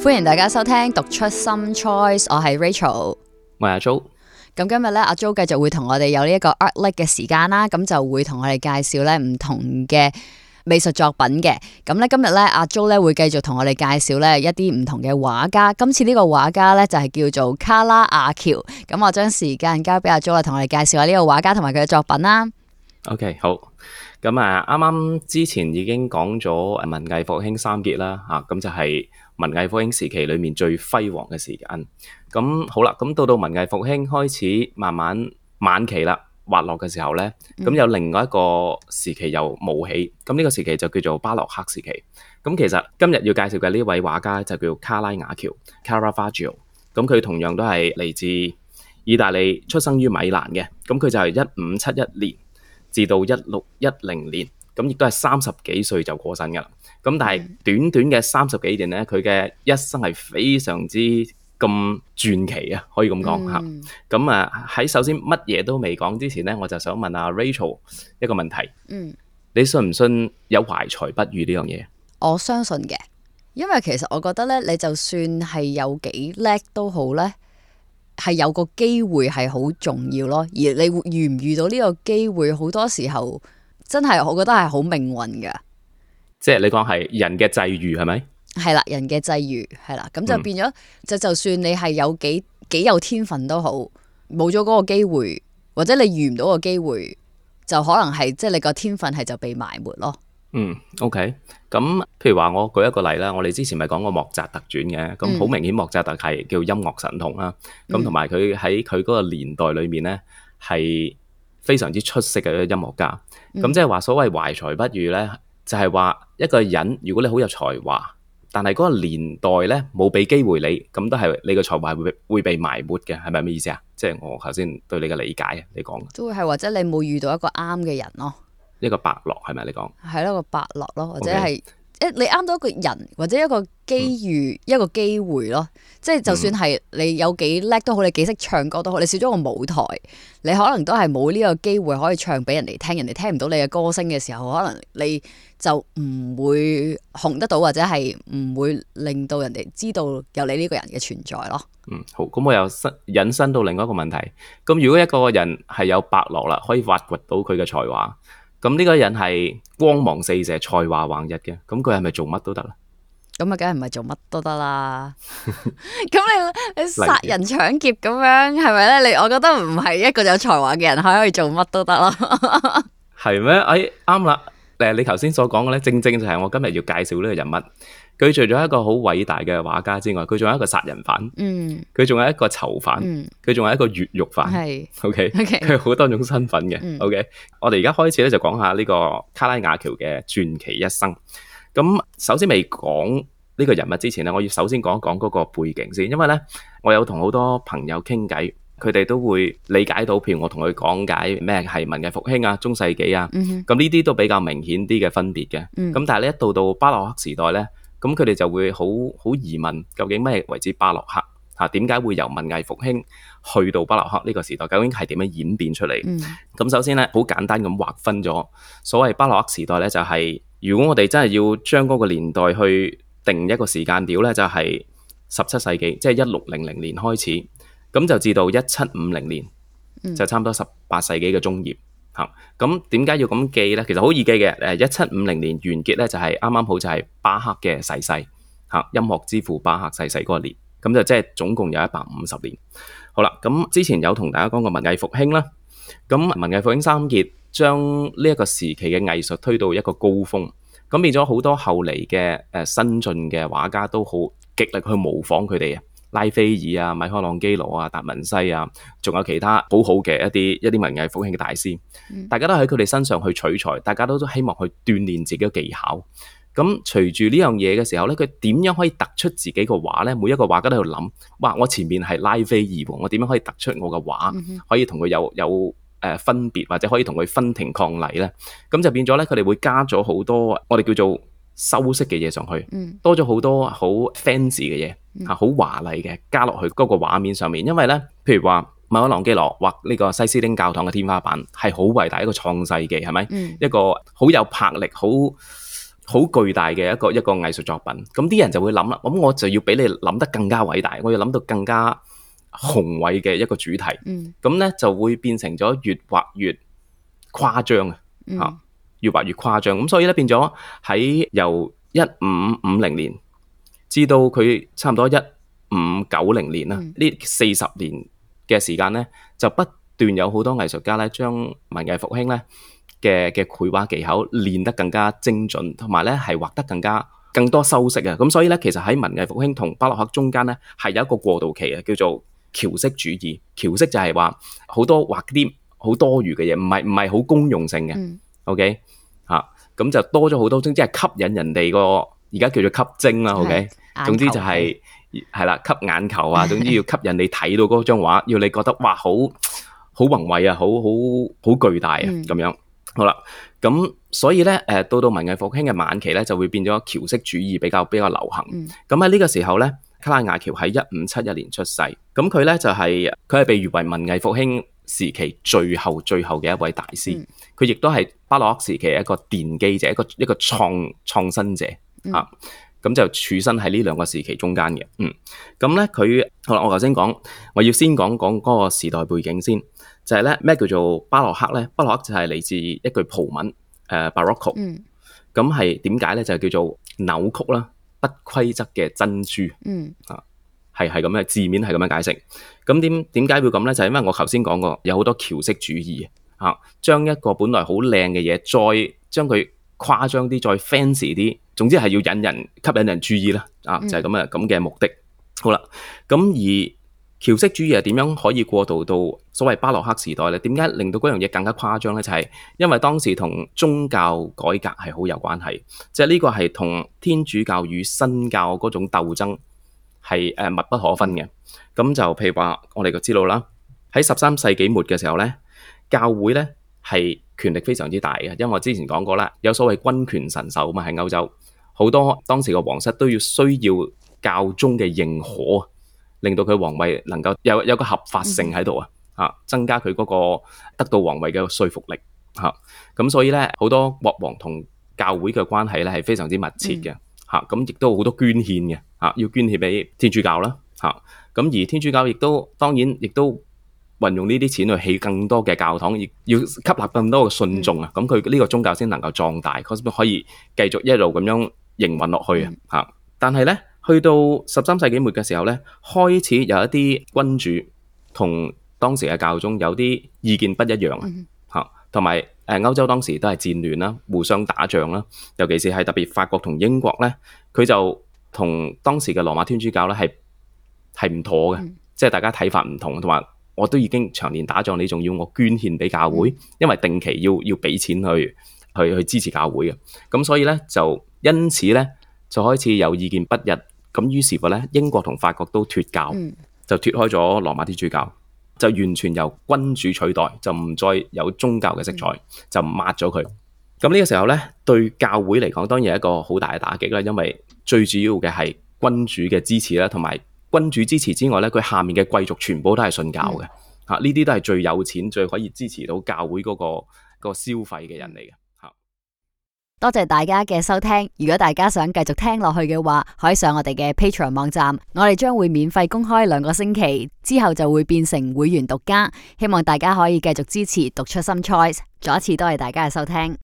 歡迎大家收聽讀出 Some Choice，我係 Rachel，我係阿 Jo。咁今日咧，阿 Jo 繼續會同我哋有呢一個 Art Like 嘅時間啦。咁就會同我哋介紹咧唔同嘅美術作品嘅。咁咧今日咧，阿 Jo 咧會繼續同我哋介紹咧一啲唔同嘅畫家。今次呢個畫家咧就係叫做卡拉瓦喬。咁我將時間交俾阿 Jo，同我哋介紹下呢個畫家同埋佢嘅作品啦。OK，好。咁啊，啱啱之前已經講咗文藝復興三傑啦，吓咁就係、是。文藝復興時期裏面最輝煌嘅時間，咁好啦，咁到到文藝復興開始慢慢晚期啦，滑落嘅時候呢，咁有另外一個時期又冒起，咁呢個時期就叫做巴洛克時期。咁其實今日要介紹嘅呢位畫家就叫卡拉瓦喬 Caravaggio，咁佢同樣都係嚟自意大利，出生於米蘭嘅，咁佢就係一五七一年至到一六一零年。咁亦都係三十幾歲就過身噶啦，咁但係短短嘅三十幾年咧，佢嘅一生係非常之咁傳奇啊，可以咁講吓。咁啊喺首先乜嘢都未講之前咧，我就想問阿 Rachel 一個問題。嗯，你信唔信有懷才不遇呢樣嘢？我相信嘅，因為其實我覺得咧，你就算係有幾叻都好咧，係有個機會係好重要咯。而你遇唔遇到呢個機會，好多時候。真係，我覺得係好命運嘅。即係你講係人嘅際遇，係咪？係啦，人嘅際遇係啦，咁就變咗就，嗯、就算你係有幾，幾有天分都好，冇咗嗰個機會，或者你遇唔到個機會，就可能係即係你個天分係就被埋沒咯。嗯，OK。咁譬如話，我舉一個例啦，我哋之前咪講過莫扎特傳嘅，咁好明顯莫扎特係叫音樂神童啦。咁同埋佢喺佢嗰個年代裏面咧，係。非常之出色嘅音樂家，咁即係話所謂懷才不遇呢，就係話一個人如果你好有才華，但係嗰個年代呢冇俾機會你，咁都係你個才華會會被埋沒嘅，係咪咩意思啊？即係我頭先對你嘅理解，你講，都係或者你冇遇到一個啱嘅人咯，一個伯樂係咪你講，係一個伯樂咯，或者係。Okay. 你啱到一個人或者一個機遇、嗯、一個機會咯，即係就算係你有幾叻都好，你幾識唱歌都好，你少咗個舞台，你可能都係冇呢個機會可以唱俾人哋聽，人哋聽唔到你嘅歌聲嘅時候，可能你就唔會紅得到，或者係唔會令到人哋知道有你呢個人嘅存在咯。嗯，好，咁我又引申到另外一個問題，咁如果一個人係有伯樂啦，可以挖掘到佢嘅才華。咁呢個人係光芒四射、才華橫溢嘅，咁佢係咪做乜都得啦？咁啊，梗係唔係做乜都得啦！咁你你殺人搶劫咁樣係咪咧？你我覺得唔係一個有才華嘅人可以做乜都得咯？係 咩？哎，啱啦！誒，你頭先所講嘅咧，正正就係我今日要介紹呢個人物。佢除咗一個好偉大嘅畫家之外，佢仲有一個殺人犯，嗯，佢仲有一個囚犯，嗯，佢仲有一個越獄犯，係、嗯、，OK，佢有好多種身份嘅、嗯、，OK。我哋而家開始呢，就講下呢個卡拉瓦喬嘅傳奇一生。咁首先未講呢個人物之前呢，我要首先講一講嗰個背景先，因為呢我有同好多朋友傾偈，佢哋都會理解到，譬如我同佢講解咩係文藝復興啊、中世紀啊，嗯、哼咁呢啲都比較明顯啲嘅分別嘅。嗯、咁但係呢，一到到巴洛克時代呢。咁佢哋就會好好疑問，究竟咩係為之巴洛克嚇？點、啊、解會由文藝復興去到巴洛克呢個時代？究竟係點樣演變出嚟？咁、嗯、首先咧，好簡單咁劃分咗所謂巴洛克時代咧，就係、是、如果我哋真係要將嗰個年代去定一個時間表咧，就係十七世紀，即係一六零零年開始，咁就至到一七五零年就差唔多十八世紀嘅中葉。嗯咁點解要咁記咧？其實好易記嘅，誒，一七五零年完結咧，就係啱啱好就係巴赫嘅逝世吓，音樂之父巴赫逝世嗰年，咁就即係總共有一百五十年。好啦，咁之前有同大家講過文藝復興啦，咁文藝復興三傑將呢一個時期嘅藝術推到一個高峰，咁變咗好多後嚟嘅誒新晉嘅畫家都好極力去模仿佢哋啊。拉斐爾啊，米開朗基羅啊，達文西啊，仲有其他很好好嘅一啲一啲文藝復興嘅大師、mm hmm. 大，大家都喺佢哋身上去取材，大家都都希望去鍛煉自己嘅技巧。咁隨住呢樣嘢嘅時候咧，佢點樣可以突出自己嘅畫咧？每一個畫家都喺度諗，哇！我前面係拉斐爾喎，我點樣可以突出我嘅畫，mm hmm. 可以同佢有有誒分別，或者可以同佢分庭抗禮咧？咁就變咗咧，佢哋會加咗好多我哋叫做修飾嘅嘢上去，多咗好多好 fancy 嘅嘢。吓好華麗嘅加落去嗰個畫面上面，因為咧，譬如話，米開朗基羅畫呢個西斯丁教堂嘅天花板，係好偉大一個創世記，係咪？一個好、嗯、有魄力，好好巨大嘅一個一個藝術作品。咁啲人就會諗啦，咁我就要俾你諗得更加偉大，我要諗到更加宏偉嘅一個主題。嗯，咁咧就會變成咗越畫越誇張、嗯、啊！吓越畫越誇張，咁所以咧變咗喺由一五五零年。至到佢差唔多一五九零年啦，呢四十年嘅時間呢，就不斷有好多藝術家咧將文藝復興咧嘅嘅繪畫技巧練得更加精準，同埋呢係畫得更加更多修飾啊！咁所以呢，其實喺文藝復興同巴洛克中間呢，係有一個過渡期嘅，叫做喬式主義。喬式就係話好多畫啲好多餘嘅嘢，唔係唔係好功用性嘅。嗯、OK 嚇、啊，咁就多咗好多，即、就、係、是、吸引人哋個。而家叫做吸睛啦，好、okay? 嘅球。總之就係係啦，吸眼球啊，總之要吸引你睇到嗰張畫，要 你覺得哇，好好宏偉啊，好好好巨大啊，咁、嗯、樣。好啦，咁所以咧，誒，到到文藝復興嘅晚期咧，就會變咗喬式主義比較比較流行。咁喺呢個時候咧，卡拉瓦喬喺一五七一年出世。咁佢咧就係佢係被譽為文藝復興時期最後最後嘅一位大師。佢亦都係巴洛克時期一個奠基者，一個一個創創新者。嗯、啊，咁就處身喺呢兩個時期中間嘅。嗯，咁咧佢好啦。我頭先講，我要先講講嗰個時代背景先，就係咧，咩叫做巴洛克咧？巴洛克就係嚟自一句葡文，誒，barocco。呃、Barocco, 嗯，咁係點解咧？就係、叫做扭曲啦，不規則嘅珍珠。嗯啊、就是，啊，係係咁樣字面係咁樣解釋。咁點點解會咁咧？就係因為我頭先講過有好多矯飾主義啊，將一個本來好靚嘅嘢，再將佢誇張啲，再 fancy 啲。總之係要引人吸引人注意啦，啊，就係咁啊咁嘅目的。嗯、好啦，咁而矯飾主義係點樣可以過渡到所謂巴洛克時代咧？點解令到嗰樣嘢更加誇張咧？就係、是、因為當時同宗教改革係好有關係，即係呢個係同天主教與新教嗰種鬥爭係誒密不可分嘅。咁就譬如話，我哋就知道啦，喺十三世紀末嘅時候咧，教會咧係，權力非常之大嘅，因為我之前講過啦，有所謂君權神授嘛，喺歐洲好多當時嘅皇室都要需要教宗嘅認可，令到佢皇位能夠有有一個合法性喺度啊，嚇增加佢嗰個得到皇位嘅說服力嚇。咁所以咧，好多國王同教會嘅關係咧係非常之密切嘅嚇。咁亦都好多捐獻嘅嚇，要捐獻俾天主教啦嚇。咁而天主教亦都當然亦都。運用呢啲錢去起更多嘅教堂，要要吸納更多嘅信眾啊，咁佢呢個宗教先能夠壯大，可可以繼續一路咁樣營運落去啊。嚇，但係呢，去到十三世紀末嘅時候呢，開始有一啲君主同當時嘅教宗有啲意見不一樣啊。嚇，同埋誒歐洲當時都係戰亂啦，互相打仗啦，尤其是係特別法國同英國呢，佢就同當時嘅羅馬天主教呢係係唔妥嘅，即係大家睇法唔同，同埋。我都已經長年打仗，你仲要我捐獻俾教會？因為定期要要俾錢去去，去支持教會嘅，咁所以呢，就因此呢，就開始有意見不一，咁於是乎呢，英國同法國都脱教，就脱開咗羅馬天主教，就完全由君主取代，就唔再有宗教嘅色彩，就抹咗佢。咁呢個時候呢，對教會嚟講當然係一個好大嘅打擊啦，因為最主要嘅係君主嘅支持啦，同埋。君主支持之外咧，佢下面嘅貴族全部都係信教嘅吓，呢啲、嗯啊、都係最有錢、最可以支持到教會嗰、嗰個、嗰個消費嘅人嚟嘅。啊、多謝大家嘅收聽。如果大家想繼續聽落去嘅話，可以上我哋嘅 Patreon 網站，我哋將會免費公開兩個星期，之後就會變成會員獨家。希望大家可以繼續支持讀出新 choice。再一次多謝大家嘅收聽。